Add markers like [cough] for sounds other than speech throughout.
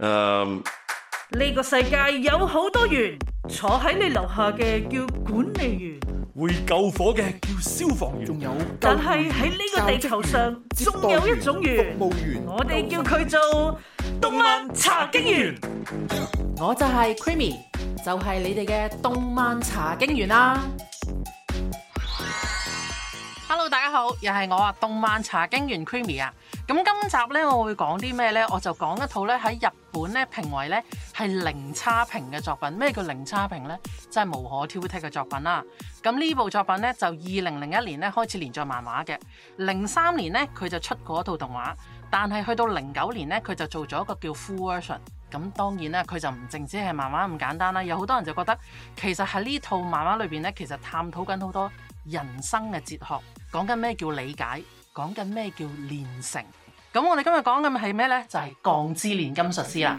誒，呢個世界有好多員，坐喺你樓下嘅叫管理員，會救火嘅叫消防員，仲有但係喺呢個地球上救救，仲有一種服務員，我哋叫佢做動漫查經員。經我就係 Creamy，就係你哋嘅動漫查經員啦。Hello，大家好，又係我啊，動漫查經員 Creamy 啊。Cream 咁今集咧，我會講啲咩呢？我就講一套咧喺日本咧評為咧係零差評嘅作品。咩叫零差評呢？真係無可挑剔嘅作品啦。咁呢部作品咧就二零零一年咧開始連載漫畫嘅，零三年咧佢就出過一套動畫，但係去到零九年咧佢就做咗一個叫 Full Version。咁當然啦，佢就唔淨止係漫畫咁簡單啦。有好多人就覺得，其實喺呢套漫畫裏邊咧，其實探討緊好多人生嘅哲學，講緊咩叫理解，講緊咩叫練成。咁我哋今日講嘅咪係咩咧？就係、是《鋼之煉金術師》啦。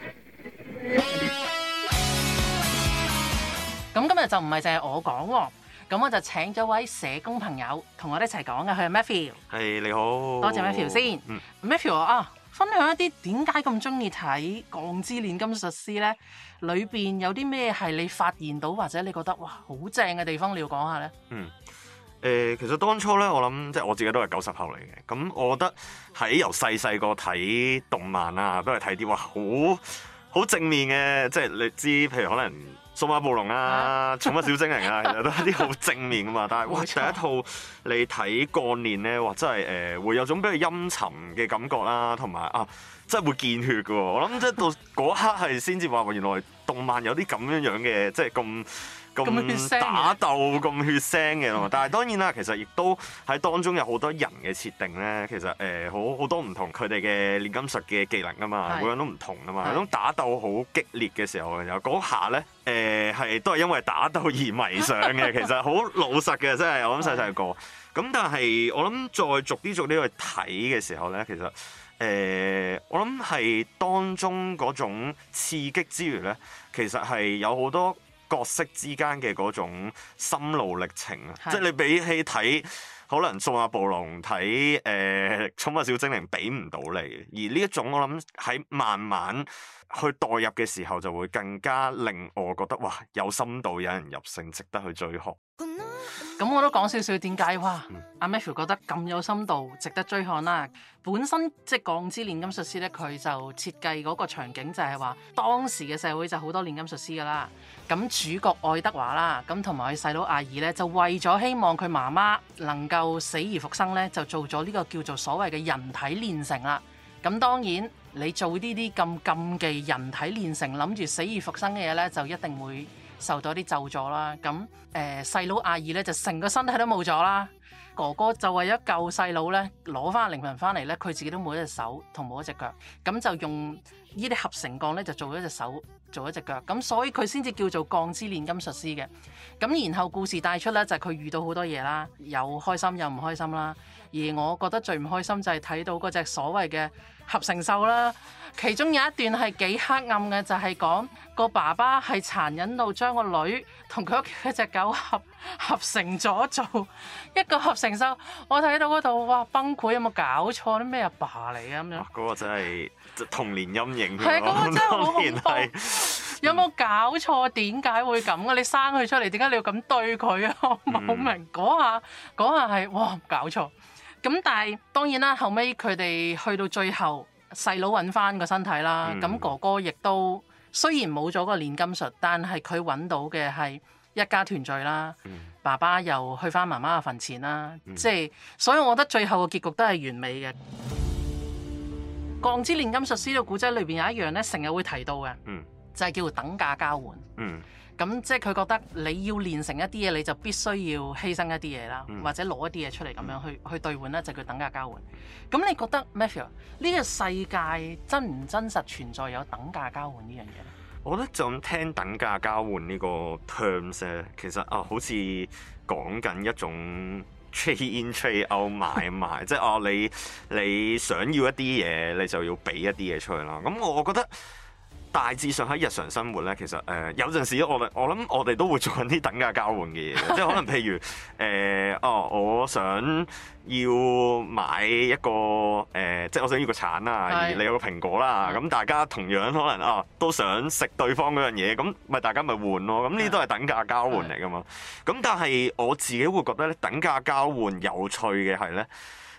[music] 咁今日就唔係淨係我講，咁我就請咗位社工朋友同我哋一齊講嘅，佢係 Matthew。係、hey, 你好，多謝 Matthew 先。嗯、Matthew 啊，分享一啲點解咁中意睇《鋼之煉金術師》咧？裏邊有啲咩係你發現到或者你覺得哇好正嘅地方，你要講下咧。嗯。誒，其實當初咧，我諗即係我自己都係九十後嚟嘅，咁我覺得喺由細細個睇動漫啊，都係睇啲話好好正面嘅，即係你知，譬如可能《數碼暴龍》啊，《寵物小精靈》啊，其實都係啲好正面㗎嘛。但係哇，第一套你睇過年咧，或者係誒，會有種比較陰沉嘅感覺啦，同埋啊，真係會見血㗎喎。我諗即係到嗰一刻係先至話，原來動漫有啲咁樣樣嘅，即係咁。咁打鬥咁血腥嘅嘛， [laughs] 但係當然啦，其實亦都喺當中有好多人嘅設定咧，其實誒、呃、好好多唔同佢哋嘅煉金術嘅技能㗎嘛， [laughs] 每個人都唔同㗎嘛。嗰 [laughs] 種打鬥好激烈嘅時候，又嗰下咧誒係都係因為打鬥而迷上嘅，其實好老實嘅，真係 [laughs] 我諗細細個。咁但係我諗再逐啲逐啲去睇嘅時候咧，其實誒、呃、我諗係當中嗰種刺激之餘咧，其實係有好多，角色之間嘅嗰種心路歷程啊，的即係你比起睇可能《數碼暴龍》睇、呃《誒寵物小精靈》，畀唔到你。而呢一種我諗喺慢慢去代入嘅時候，就會更加令我覺得哇，有深度、有人入勝，值得去追學。咁我都講少少點解哇，阿、嗯啊、Matthew 覺得咁有深度，值得追看啦。本身即係《鋼之煉金術師》咧，佢就設計嗰個場景就係話，當時嘅社會就好多煉金術師噶啦。咁主角愛德華啦，咁同埋佢細佬阿二咧，就為咗希望佢媽媽能夠死而復生咧，就做咗呢個叫做所謂嘅人體煉成啦。咁當然，你做呢啲咁禁忌人體煉成，諗住死而復生嘅嘢，咧，就一定會。受到啲咒咗啦，咁誒，細佬阿二咧就成個身體都冇咗啦，哥哥就為咗救細佬咧攞翻靈魂翻嚟咧，佢自己都冇一隻手同冇一隻腳，咁就用呢啲合成鋼咧就做咗隻手，做一隻腳，咁所以佢先至叫做鋼之煉金術師嘅。咁然後故事帶出咧就係佢遇到好多嘢啦，有開心有唔開心啦，而我覺得最唔開心就係睇到嗰隻所謂嘅。合成獸啦，其中有一段係幾黑暗嘅，就係、是、講個爸爸係殘忍到將個女同佢屋企嗰隻狗合合成咗做一個合成獸。我睇到嗰度哇，崩潰，有冇搞錯？啲咩爸嚟啊咁樣？嗰、那個真係童年陰影，係嗰、那個真係好恐怖。原來 有冇搞錯？點解會咁啊？嗯、你生佢出嚟，點解你要咁對佢啊？我冇明。講、嗯、下嗰下係哇，搞錯。咁但係當然啦，後尾佢哋去到最後，細佬揾翻個身體啦，咁、嗯、哥哥亦都雖然冇咗個煉金術，但係佢揾到嘅係一家團聚啦，嗯、爸爸又去翻媽媽嘅墳前啦，嗯、即係所以我覺得最後嘅結局都係完美嘅。嗯、《鋼之煉金術師》嘅古仔裏邊有一樣咧，成日會提到嘅，嗯、就係叫做等價交換。嗯咁即係佢覺得你要練成一啲嘢，你就必須要犧牲一啲嘢啦，嗯、或者攞一啲嘢出嚟咁樣去、嗯、去兌換咧，就叫等價交換。咁你覺得 Matthew 呢個世界真唔真實存在有等價交換呢樣嘢咧？我覺得就咁聽等價交換呢個 terms 其實啊、呃，好似講緊一種 trade in trade out 買賣，train, oh、my my, [laughs] 即係我、呃、你你想要一啲嘢，你就要俾一啲嘢出去啦。咁我覺得。大致上喺日常生活咧，其實誒、呃、有陣時我我諗我哋都會做緊啲等價交換嘅嘢， [laughs] 即係可能譬如誒、呃、哦，我想要買一個誒、呃，即係我想要個橙啦、啊，而你有個蘋果啦，咁 [laughs] 大家同樣可能哦都想食對方嗰樣嘢，咁咪大家咪換咯，咁呢都係等價交換嚟㗎嘛。咁 [laughs] 但係我自己會覺得咧，等價交換有趣嘅係咧，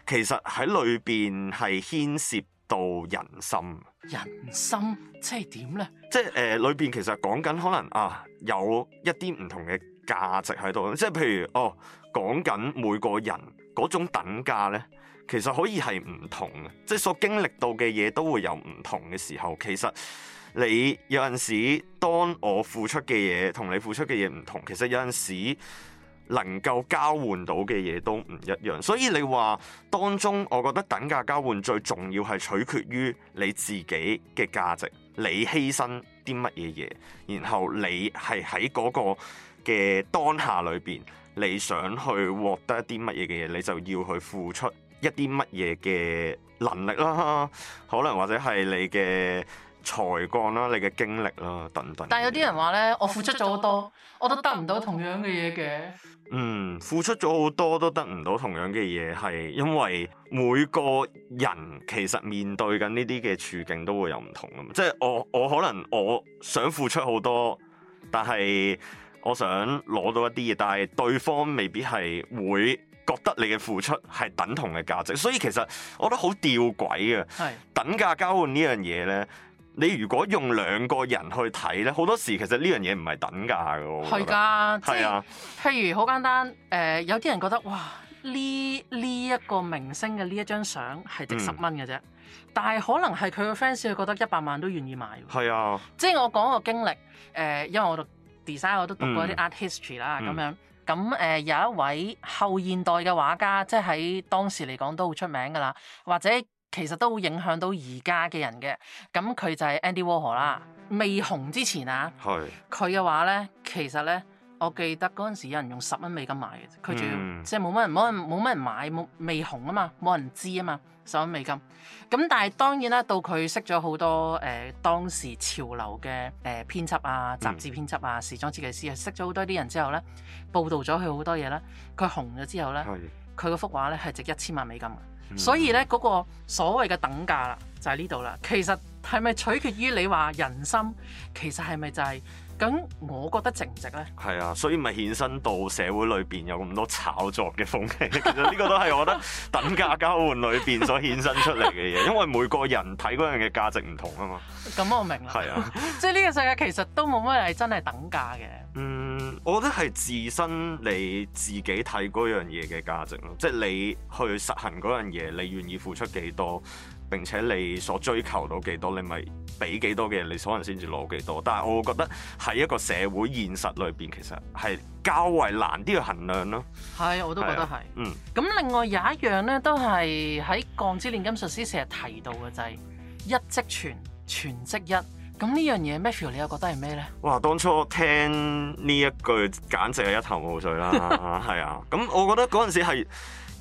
其實喺裏邊係牽涉到人心，人心即係點呢？即係誒、呃，裏邊其實講緊可能啊，有一啲唔同嘅價值喺度。即係譬如哦，講緊每個人嗰種等價呢，其實可以係唔同，即係所經歷到嘅嘢都會有唔同嘅時候。其實你有陣時，當我付出嘅嘢同你付出嘅嘢唔同，其實有陣時。能夠交換到嘅嘢都唔一樣，所以你話當中，我覺得等價交換最重要係取決於你自己嘅價值，你犧牲啲乜嘢嘢，然後你係喺嗰個嘅當下裏邊，你想去獲得一啲乜嘢嘅嘢，你就要去付出一啲乜嘢嘅能力啦，可能或者係你嘅。才幹啦，你嘅經歷啦，等等。但係有啲人話咧，我付出咗好多，我都得唔到同樣嘅嘢嘅。嗯，付出咗好多都得唔到同樣嘅嘢，係因為每個人其實面對緊呢啲嘅處境都會有唔同嘅。即係我我可能我想付出好多，但係我想攞到一啲嘢，但係對方未必係會覺得你嘅付出係等同嘅價值。所以其實我覺得好吊詭嘅，係是等價交換呢樣嘢咧。你如果用兩個人去睇咧，好多時其實呢樣嘢唔係等價嘅。係㗎，係啊。譬如好簡單，誒、呃、有啲人覺得哇，呢呢一個明星嘅呢一張相係值十蚊嘅啫，嗯、但係可能係佢嘅 fans 覺得一百萬都願意買。係啊的，即係我講個經歷，誒、呃、因為我讀 design，我都讀過啲 art history 啦咁、嗯、樣，咁誒、嗯呃、有一位後現代嘅畫家，即係喺當時嚟講都好出名㗎啦，或者。其實都會影響到而家嘅人嘅，咁佢就係 Andy Warhol 啦。未紅之前啊，佢嘅是話咧，其實咧，我記得嗰陣時有人用十蚊美金買嘅，佢仲要，嗯、即係冇乜人冇冇乜人買，未紅啊嘛，冇人知啊嘛，十蚊美金。咁但係當然啦，到佢識咗好多誒、呃、當時潮流嘅誒編輯啊、雜誌編輯啊、時裝設計師啊，嗯、識咗好多啲人之後咧，報道咗佢好多嘢啦。佢紅咗之後咧，佢嗰是幅畫咧係值一千萬美金。所以咧嗰個所謂嘅等價啦，就喺呢度啦。其實係咪取決於你話人心？其實係咪就係？咁我覺得值唔值咧？係啊，所以咪衍生到社會裏邊有咁多炒作嘅風氣。其實呢個都係我覺得等價交換裏邊所衍生出嚟嘅嘢，因為每個人睇嗰樣嘅價值唔同啊嘛。咁我明啦。係啊，即係呢個世界其實都冇乜係真係等價嘅。嗯，我覺得係自身你自己睇嗰樣嘢嘅價值咯，即係你去實行嗰樣嘢，你願意付出幾多。並且你所追求到幾多，你咪俾幾多嘅，你可能先至攞幾多。但係我覺得喺一個社會現實裏邊，其實係較為難啲去衡量咯。係，我都覺得係。嗯。咁另外有一樣咧，都係喺《鋼之煉金術師》成日提到嘅就係、是、一即全，全即一。咁呢樣嘢，Matthew 你又覺得係咩咧？哇！當初我聽呢一句，簡直係一頭霧水啦。係啊。 [laughs] 咁我覺得嗰陣時係。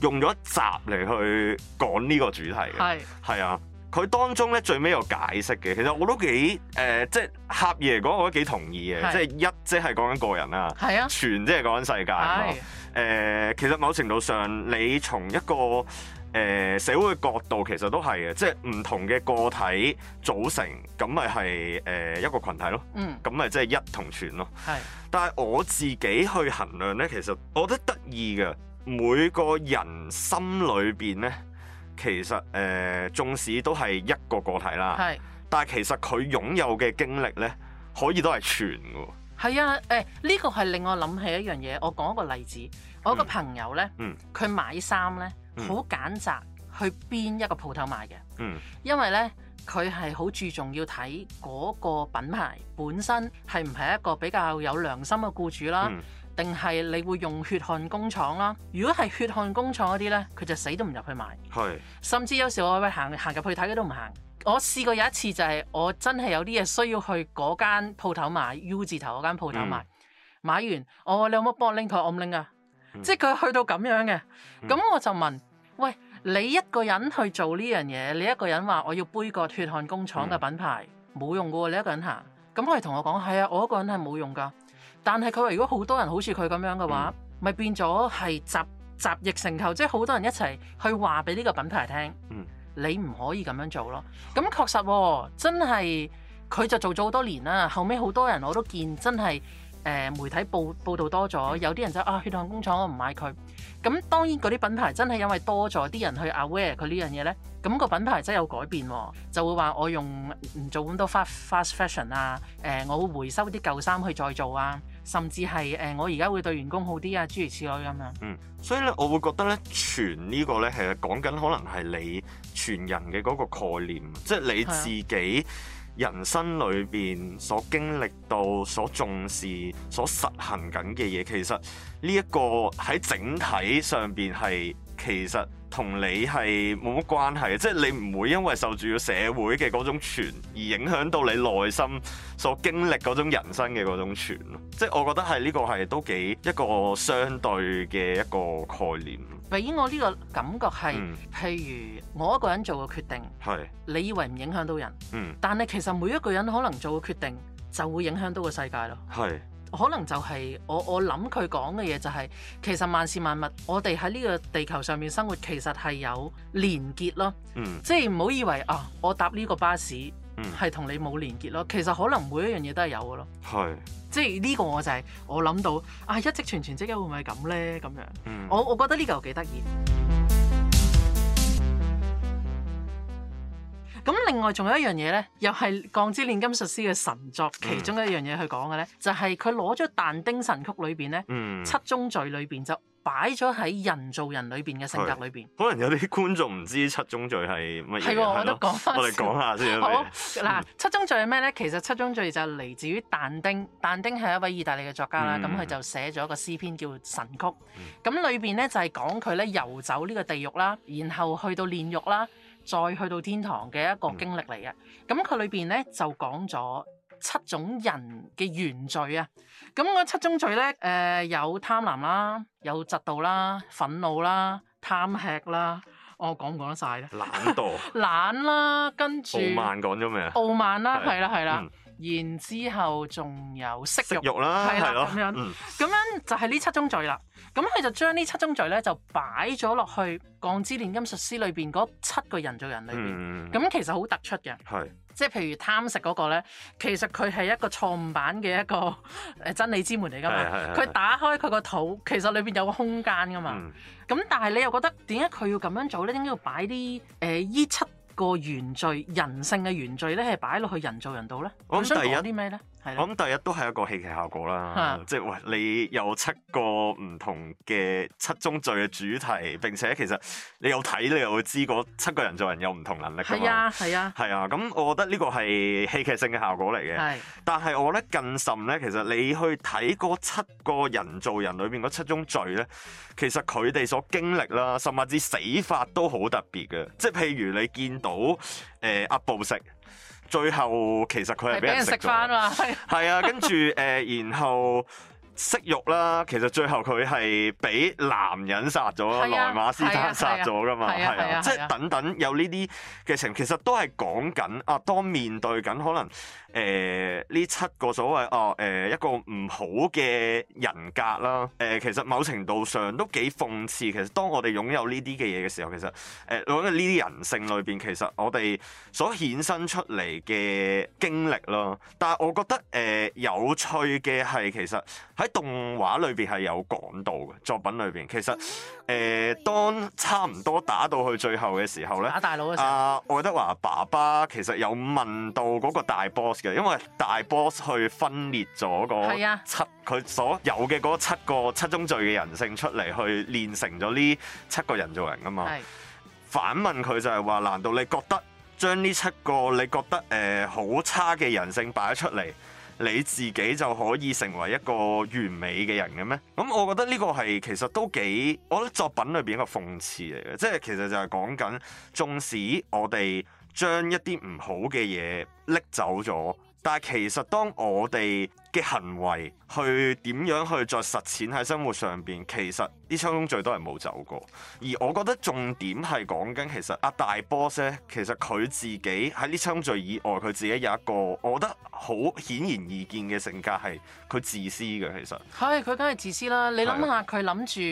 用咗一集嚟去講呢個主題嘅，係是啊，佢當中咧最尾有解釋嘅。其實我都幾誒、呃，即係狹義嚟講，我都得幾同意嘅。是即係一，即係講緊個人啦，係啊，全即係講緊世界。誒是、呃，其實某程度上，你從一個誒、呃、社會嘅角度，其實都係嘅。即係唔同嘅個體組成，咁咪係誒一個群體咯。嗯，咁咪即係一同存咯。係是，但係我自己去衡量咧，其實我都得意嘅。每個人心裏邊咧，其實誒、呃，縱使都係一個個體啦，是但係其實佢擁有嘅經歷咧，可以都係全嘅。係啊，誒、哎、呢、這個係令我諗起一樣嘢。我講一個例子，我一個朋友咧，佢、嗯、買衫咧，好揀擇去邊一個鋪頭買嘅，嗯、因為咧佢係好注重要睇嗰個品牌本身係唔係一個比較有良心嘅僱主啦。嗯定係你會用血汗工廠啦。如果係血汗工廠嗰啲咧，佢就死都唔入去買。係。 [noise] 甚至有時我會行行入去睇，佢都唔行。我試過有一次就係我真係有啲嘢需要去嗰間鋪頭買 U 字頭嗰間鋪頭買。嗯、買完我，你有冇幫拎佢？我冇拎㗎。嗯、即係佢去到咁樣嘅，咁、嗯、我就問：喂，你一個人去做呢樣嘢？你一個人話我要杯葛血汗工廠嘅品牌，冇、嗯、用嘅喎。你一個人行，咁佢同我講：係、嗯、啊，我一個人係冇用㗎。但係佢話：如果好多人好似佢咁樣嘅話，咪變咗係集集腋成裘，即係好多人一齊去話俾呢個品牌聽，嗯、你唔可以咁樣做咯。咁確實、哦，真係佢就做咗好多年啦。後尾好多人我都見真，真係誒媒體報報道多咗，有啲人就啊血汗工廠，我唔買佢。咁當然嗰啲品牌真係因為多咗啲人去 aware 佢呢樣嘢咧，咁、嗰個品牌真係有改變，就會話我用唔做咁多 fast fashion 啊，誒、呃，我會回收啲舊衫去再做啊。甚至係誒、呃，我而家會對員工好啲啊，諸如此類咁樣。嗯，所以咧，我會覺得咧，傳呢個咧係講緊可能係你傳人嘅嗰個概念，即係你自己人生裏邊所經歷到、所重視、所實行緊嘅嘢，其實呢一個喺整體上邊係其實。同你係冇乜關係，即係你唔會因為受住社會嘅嗰種傳而影響到你內心所經歷嗰種人生嘅嗰種傳咯。即係我覺得係呢個係都幾一個相對嘅一個概念。俾我呢個感覺係，嗯，譬如我一個人做嘅決定，係，你以為唔影響到人，嗯，但係其實每一個人可能做嘅決定就會影響到個世界咯，係。可能就係我我諗佢講嘅嘢就係、是，其實萬事萬物，我哋喺呢個地球上面生活，其實係有連結咯。嗯，即係唔好以為啊，我搭呢個巴士，嗯，係同你冇連結咯。其實可能每一樣嘢都係有嘅咯。係是，即係呢個我就係、是、我諗到啊，一直全全即刻會唔會咁咧？咁樣，嗯、我我覺得呢個幾得意。咁另外仲有一樣嘢咧，又係《鋼之煉金術師》嘅神作其中一樣嘢去講嘅咧，嗯、就係佢攞咗但丁神曲裏邊咧七宗罪裏邊就擺咗喺人造人裏邊嘅性格裏邊。可能有啲觀眾唔知七宗罪係乜嘢，係喎，我都講返。我哋講下先。好嗱，七宗罪係咩咧？其實七宗罪就係嚟自於但丁。但丁係一位意大利嘅作家啦，咁佢、嗯、就寫咗個詩篇叫《神曲》，嗯。咁裏邊咧就係講佢咧遊走呢個地獄啦，然後去到煉獄啦。再去到天堂嘅一個經歷嚟嘅，咁佢裏邊咧就講咗七種人嘅原罪啊，咁嗰七宗罪咧，誒、呃、有貪婪啦，有嫉妒啦，憤怒啦，貪吃啦，我講唔講得晒？咧？懶惰， [laughs] 懶惰啦，跟住傲慢講咗咩？啊？傲慢啦，係的啦，係啦。嗯然之後仲有色慾啦，係咯，咁樣，咁、嗯、樣就係、是、呢七宗罪啦。咁佢就將呢七宗罪咧就擺咗落去《鋼之煉金術師裏面》裏邊嗰七個人造人裏邊。咁、嗯、其實好突出嘅，係即係譬如貪食嗰、那個咧，其實佢係一個錯誤版嘅一個誒真理之門嚟㗎嘛。佢是的 打開佢個肚，其實裏邊有個空間㗎嘛。咁、嗯、但係你又覺得點解佢要咁樣做咧？點解要擺啲誒呢七,七？個原罪，人性嘅原罪咧，係擺落去人造人度咧。我唔想講啲咩咧。我諗第一都係一個戲劇效果啦，嗯、即係喂，你有七個唔同嘅七宗罪嘅主題，並且其實你有睇你又會知嗰七個人造人有唔同能力噶嘛。係啊，係啊，係啊。咁我覺得呢個係戲劇性嘅效果嚟嘅。係是。但係我覺得更甚咧，其實你去睇嗰七個人造人裏邊嗰七宗罪咧，其實佢哋所經歷啦，甚至死法都好特別嘅。即係譬如你見到誒、呃、阿布食。最後其實佢係俾人食咗，係啊，跟住誒，然後色慾啦，其實最後佢係俾男人殺咗，萊馬斯坦殺咗噶嘛，係啊，即係等等有呢啲劇情，其實都係講緊啊，當面對緊可能。誒呢、呃、七個所謂哦誒、呃、一個唔好嘅人格啦誒、呃、其實某程度上都幾諷刺，其實當我哋擁有呢啲嘅嘢嘅時候，其實誒我覺得呢啲人性裏邊其實我哋所衍生出嚟嘅經歷咯，但係我覺得誒、呃、有趣嘅係其實喺動畫裏邊係有講到嘅作品裏邊，其實誒、呃、當差唔多打到去最後嘅時候咧，打大佬啊！阿愛、呃、德華爸爸其實有問到嗰個大 boss。因為大 boss 去分裂咗個七，佢、啊、所有嘅七個七宗罪嘅人性出嚟，去練成咗呢七個人造人噶嘛。是反問佢就係話，難道你覺得將呢七個你覺得誒好、呃、差嘅人性擺咗出嚟，你自己就可以成為一個完美嘅人嘅咩？咁我覺得呢個係其實都幾，我覺得作品裏邊一個諷刺嚟嘅，即係其實就係講緊，縱使我哋。將一啲唔好嘅嘢拎走咗，但係其實當我哋嘅行為去點樣去再實踐喺生活上邊，其實呢七宗罪都係冇走過。而我覺得重點係講緊其實阿大 boss 咧，其實佢自己喺呢七宗罪以外，佢自己有一個我覺得好顯然易見嘅性格係佢自私嘅。其實係佢梗係自私啦。你諗下佢諗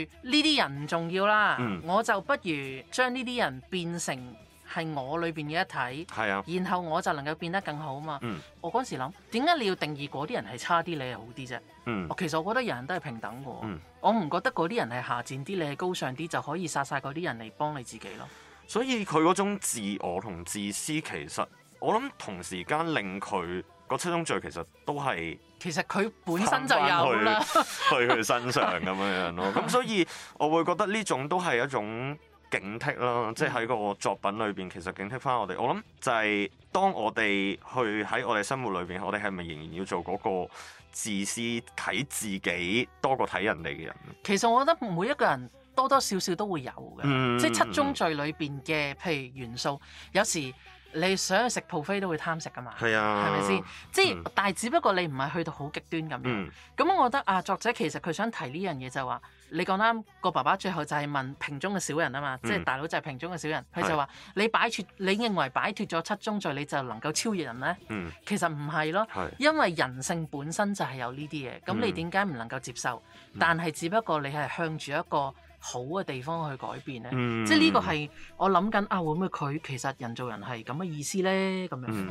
住呢啲人唔重要啦，的我就不如將呢啲人變成，係我裏邊嘅一體，啊、然後我就能夠變得更好啊嘛。嗯、我嗰時諗，點解你要定義嗰啲人係差啲，你係好啲啫？我、嗯、其實我覺得人人都係平等嘅，嗯、我唔覺得嗰啲人係下賤啲，你係高尚啲就可以殺晒嗰啲人嚟幫你自己咯。所以佢嗰種自我同自私，其實我諗同時間令佢個七宗罪其實都係其實佢本身就有啦，去 [laughs] 佢身上咁樣樣咯。咁所以我會覺得呢種都係一種。警惕啦，即係喺個作品裏邊，其實警惕翻我哋。我諗就係當我哋去喺我哋生活裏邊，我哋係咪仍然要做嗰個自私睇自己多過睇人哋嘅人？其實我覺得每一個人多多少少都會有嘅，嗯、即係七宗罪裏邊嘅，譬如元素，有時。你想去食蒲飛都會貪食噶嘛？係啊，係咪先？即係，嗯、但係只不過你唔係去到好極端咁樣。咁、嗯、我覺得啊，作者其實佢想提呢樣嘢就係話，你講啱個爸爸最後就係問瓶中嘅小人啊嘛，嗯、即係大佬就係瓶中嘅小人，佢、嗯、就話你擺脫，是你認為擺脫咗七宗罪你就能夠超越人咧？嗯、其實唔係咯，是因為人性本身就係有呢啲嘢。咁你點解唔能夠接受？但係只不過你係向住一個，好嘅地方去改變咧，嗯、即係呢個係我諗緊啊，會唔會佢其實人造人係咁嘅意思咧？咁樣、嗯、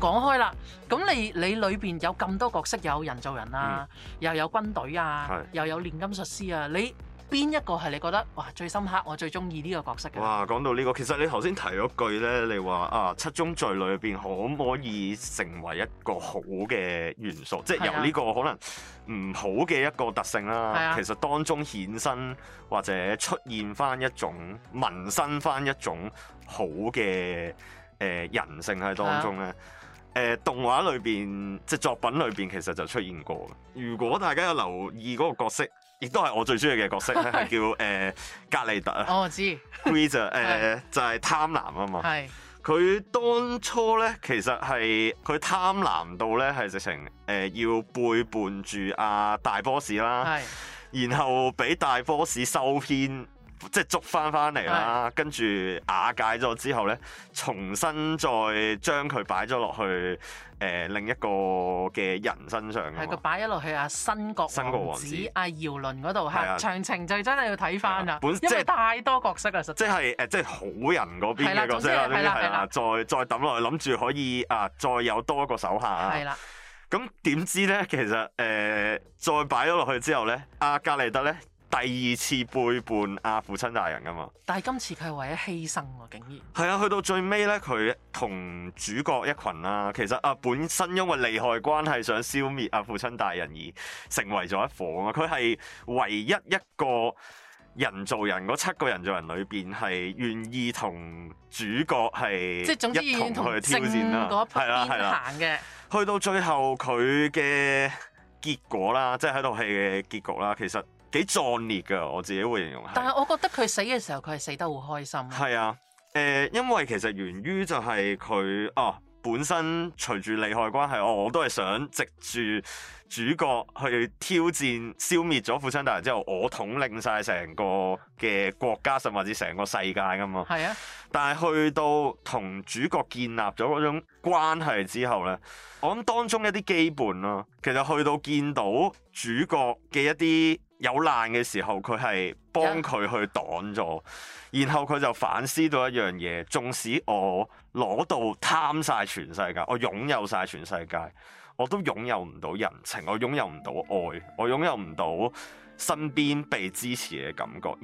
講開啦，咁你你裏邊有咁多角色，有人造人啊，嗯、又有軍隊啊，的又有煉金術師啊，你。邊一個係你覺得哇最深刻？我最中意呢個角色嘅？哇，講到呢、呢個，其實你頭先提咗句咧，你話啊，七宗罪裏邊可唔可以成為一個好嘅元素？啊、即係由呢個可能唔好嘅一個特性啦，啊、其實當中衍生或者出現翻一種萌生翻一種好嘅誒、呃、人性喺當中呢。啊，誒、呃、動畫裏邊即係作品裏邊其實就出現過。如果大家有留意嗰個角色，亦都係我最中意嘅角色，係是是 叫誒、呃、格利特啊！我、哦、知 Greeter、 [laughs] 呃、就係、是、貪婪啊嘛，佢是是 當初咧其實係佢貪婪到咧係直情誒、呃、要背叛住阿、啊、大 boss 啦，是是然後俾大 boss 收編。即係捉翻翻嚟啦，跟住瓦解咗之後咧，重新再將佢擺咗落去誒另一個嘅人身上。係佢擺咗落去阿新國新國王子阿姚倫嗰度吓，啊啊、詳情就真係要睇翻啦，本身即係太多角色啦，即係誒，即係好人嗰邊嘅角色啦，呢啲係啦，再再抌落去諗住可以啊，再有多一個手下啊。係啦的，咁點知咧？其實誒、呃，再擺咗落去之後咧，阿格雷德咧。第二次背叛阿父親大人㗎嘛？但係今次佢係為咗犧牲喎、啊，竟然係啊！去到最尾咧，佢同主角一群啦，其實啊，本身因為利害關係想消滅阿父親大人而成為咗一伙。啊。佢係唯一一個人造人嗰七個人造人裏邊係願意同主角係即係總之願意同佢挑戰啦，係啦，係啦，啊、行嘅去到最後佢嘅結果啦，即係喺度戲嘅結局啦，其實。幾壯烈㗎！我自己會形容下。但係我覺得佢死嘅時候，佢係死得好開心。係啊，誒、呃，因為其實源於就係佢啊，本身隨住利害關係，我、哦、我都係想藉住主角去挑戰、消滅咗父親大人之後，我統領晒成個嘅國家，甚至成個世界㗎嘛。係啊，但係去到同主角建立咗嗰種關係之後咧，我諗當中一啲基本咯、啊，其實去到見到主角嘅一啲。有難嘅時候，佢係幫佢去擋咗，然後佢就反思到一樣嘢：縱使我攞到貪晒全世界，我擁有晒全世界，我都擁有唔到人情，我擁有唔到愛，我擁有唔到身邊被支持嘅感覺。而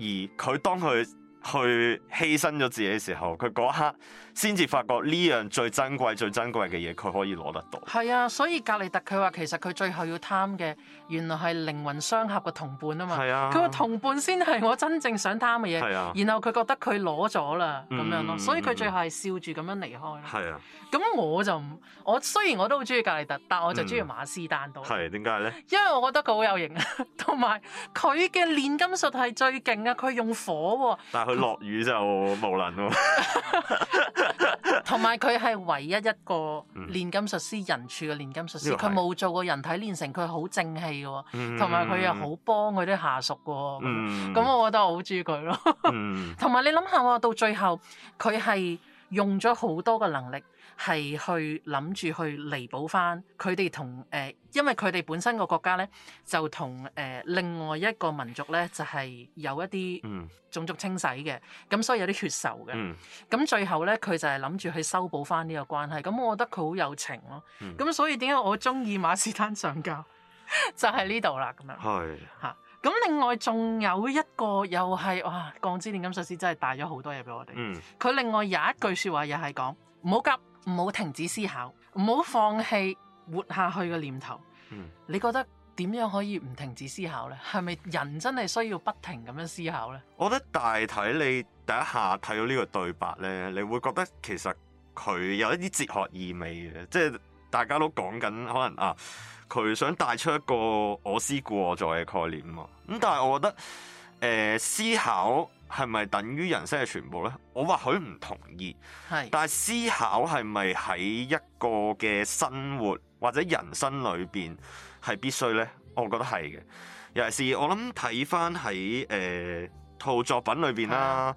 佢當佢去犧牲咗自己嘅時候，佢嗰刻先至發覺呢樣最珍貴、最珍貴嘅嘢，佢可以攞得到。係啊，所以格里特佢話其實佢最後要貪嘅，原來係靈魂相合嘅同伴啊嘛。係啊。佢話同伴先係我真正想貪嘅嘢。係啊。然後佢覺得佢攞咗啦，咁、嗯、樣咯，所以佢最後係笑住咁樣離開。係啊。咁我就我雖然我都好中意格里特，但我就中意馬斯丹都係點解咧？嗯、為呢因為我覺得佢好有型 [laughs] 有啊，同埋佢嘅煉金術係最勁啊！佢用火喎。但係佢。落雨就無能喎，同埋佢係唯一一個煉金術師人柱嘅煉金術師，佢冇、嗯、是做過人體煉成，佢好正氣嘅喎，同埋佢又好幫佢啲下屬嘅喎，咁、嗯、我覺得我好中意佢咯，同埋、嗯、 [laughs] 你諗下喎，到最後佢係，用咗好多嘅能力，係去諗住去彌補翻佢哋同誒，因為佢哋本身個國家咧就同誒、呃、另外一個民族咧就係、是、有一啲種族清洗嘅，咁所以有啲血仇嘅。咁、嗯、最後咧佢就係諗住去修補翻呢個關係，咁我覺得佢好有情咯、啊。咁、嗯、所以點解我中意馬士丹上校， [laughs] 就喺呢度啦咁樣，係嚇。咁另外仲有一個又係哇，鋼之煉金術師真係帶咗好多嘢俾我哋。佢、嗯、另外有一句説話又係講：唔好急，唔好停止思考，唔好放棄活下去嘅念頭。嗯、你覺得點樣可以唔停止思考呢？係咪人真係需要不停咁樣思考呢？我覺得大體你第一下睇到呢個對白呢，你會覺得其實佢有一啲哲學意味嘅。即大家都講緊可能啊，佢想帶出一個我思故我在嘅概念嘛。咁但係我覺得誒、呃、思考係咪等於人生嘅全部呢？我或許唔同意。係是。但係思考係咪喺一個嘅生活或者人生裏邊係必須呢？我覺得係嘅。尤其是我諗睇返喺誒套作品裏邊啦，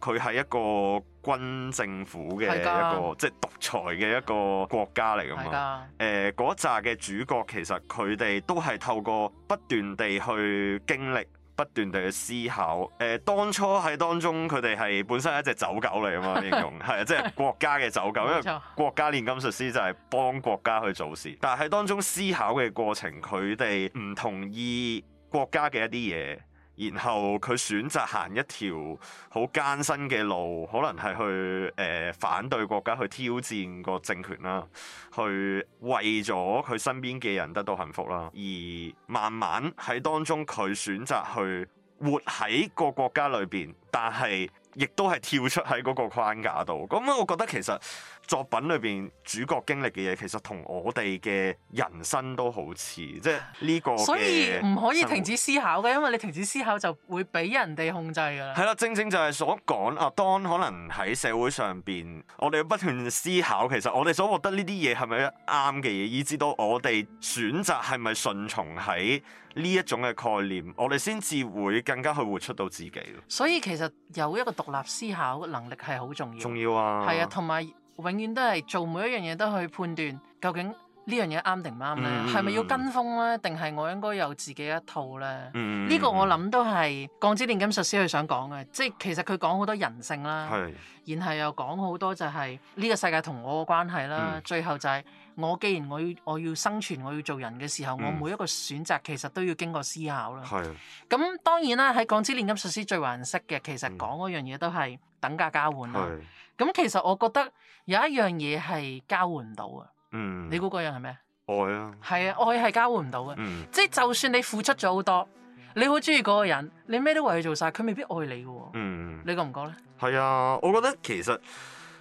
佢係、啊、一個。軍政府嘅一個的即係獨裁嘅一個國家嚟噶嘛？誒的，嗰扎嘅主角其實佢哋都係透過不斷地去經歷、不斷地去思考。誒、呃，當初喺當中佢哋係本身係一隻走狗嚟啊嘛，呢種係即係國家嘅走狗， [laughs] 因為國家煉金術師就係幫國家去做事，但係喺當中思考嘅過程，佢哋唔同意國家嘅一啲嘢。然後佢選擇行一條好艱辛嘅路，可能係去誒、呃、反對國家，去挑戰個政權啦，去為咗佢身邊嘅人得到幸福啦，而慢慢喺當中佢選擇去活喺個國家裏邊，但係亦都係跳出喺嗰個框架度。咁我覺得其實，作品裏邊主角經歷嘅嘢，其實同我哋嘅人生都好似，即係呢個。所以唔可以停止思考嘅，因為你停止思考就會俾人哋控制㗎。係啦，正正就係所講啊，當可能喺社會上邊，我哋不斷思考，其實我哋所覺得呢啲嘢係咪啱嘅嘢，以至到我哋選擇係咪順從喺呢一種嘅概念，我哋先至會更加去活出到自己。所以其實有一個獨立思考能力係好重要。重要啊！係啊，同埋。永遠都係做每一樣嘢都去判斷究竟呢樣嘢啱定唔啱咧？係咪、嗯、要跟風咧？定係我應該有自己一套咧？呢、嗯、個我諗都係鋼之煉金術師佢想講嘅，即係其實佢講好多人性啦，的然後又講好多就係呢個世界同我嘅關係啦。的最後就係我既然我要我要生存，我要做人嘅時候，的我每一個選擇其實都要經過思考啦。咁的當然啦，喺鋼之煉金術師最為人識嘅，其實講嗰樣嘢都係。等價交換啦，咁是其實我覺得有一樣嘢係交換唔到嘅。嗯，你估嗰樣係咩？愛啊，係啊，愛係交換唔到嘅。嗯，即係就算你付出咗好多，你好中意嗰個人，你咩都為佢做晒，佢未必愛你嘅喎。嗯，你覺唔覺咧？係啊，我覺得其實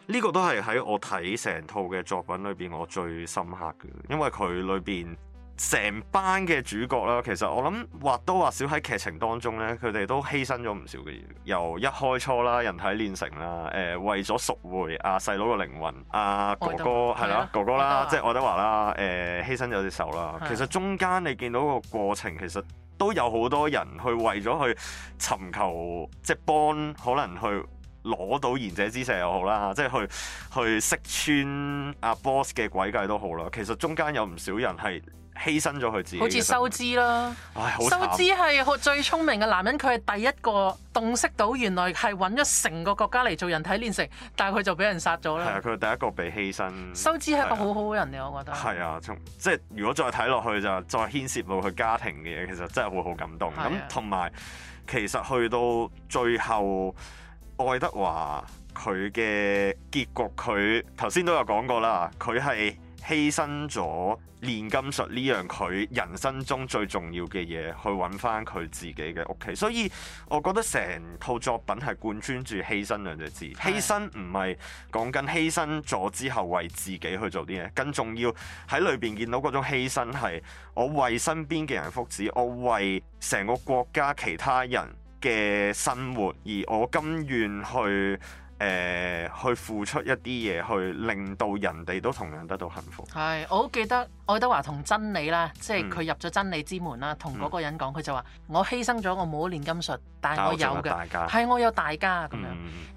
呢個都係喺我睇成套嘅作品裏邊我最深刻嘅，因為佢裏邊。成班嘅主角啦，其實我諗或多或少喺劇情當中呢，佢哋都犧牲咗唔少嘅嘢。由一開初啦，人體煉成啦，誒、呃、為咗贖回阿細佬嘅靈魂，阿哥哥係啦，哥哥啦，啊、即係愛德華啦，誒、呃、犧牲咗隻手啦。其實中間你見到個過程，其實都有好多人去為咗去尋求，即係幫可能去。攞到賢者之石又好啦、啊，即係去去識穿阿、啊、boss 嘅詭計都好啦。其實中間有唔少人係犧牲咗佢自己，好似修之啦，修之係最聰明嘅男人，佢係第一個洞悉到原來係揾咗成個國家嚟做人體煉成，但係佢就俾人殺咗啦。係啊，佢第一個被犧牲。修之係個好好嘅人嚟，啊、我覺得係啊，即係如果再睇落去就再牽涉到佢家庭嘅嘢，其實真係會好感動咁。同埋、啊、其實去到最後。愛德華佢嘅結局，佢頭先都有講過啦。佢係犧牲咗煉金術呢樣佢人生中最重要嘅嘢，去揾翻佢自己嘅屋企。所以我覺得成套作品係貫穿住犧牲兩隻字。犧牲唔係講緊犧牲咗之後為自己去做啲嘢，更重要喺裏邊見到嗰種犧牲係我為身邊嘅人福祉，我為成個國家其他人。嘅生活，而我甘願去誒、呃、去付出一啲嘢，去令到人哋都同樣得到幸福。係，我好記得愛德華同真理啦，嗯、即係佢入咗真理之門啦，同嗰、嗯、個人講，佢就話我犧牲咗，我冇煉金術，但係我有嘅，係我，我有大家咁、嗯、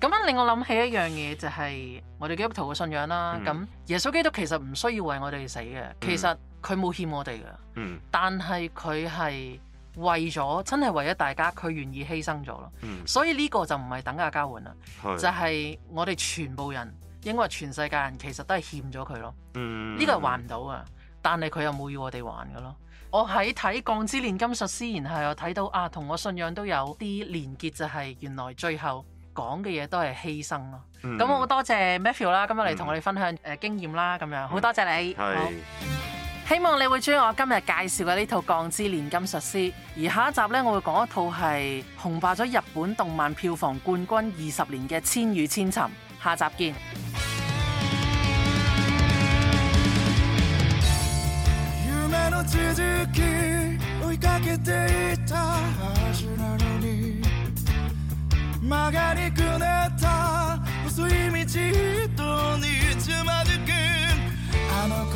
樣。咁樣令我諗起一樣嘢，就係我哋基督徒嘅信仰啦。咁、嗯、耶穌基督其實唔需要為我哋死嘅，其實佢冇欠我哋嘅，嗯、但係佢係。為咗真係為咗大家，佢願意犧牲咗咯。嗯、所以呢個就唔係等價交換啦，是就係我哋全部人，應該話全世界人其實都係欠咗佢咯。呢、嗯、個係還唔到噶，嗯、但係佢又冇要我哋還嘅咯。我喺睇《鋼之煉金術師》然後又睇到啊，同我信仰都有啲連結，就係原來最後講嘅嘢都係犧牲咯。咁、嗯、我好多謝 Matthew 啦、嗯，今日嚟同我哋分享誒經驗啦，咁樣好多謝你。嗯，好好希望你會中意我今日介紹嘅呢套《鋼之煉金術師》，而下一集呢，我會講一套係紅霸咗日本動漫票房冠軍二十年嘅《千與千尋》。下集見。 [music]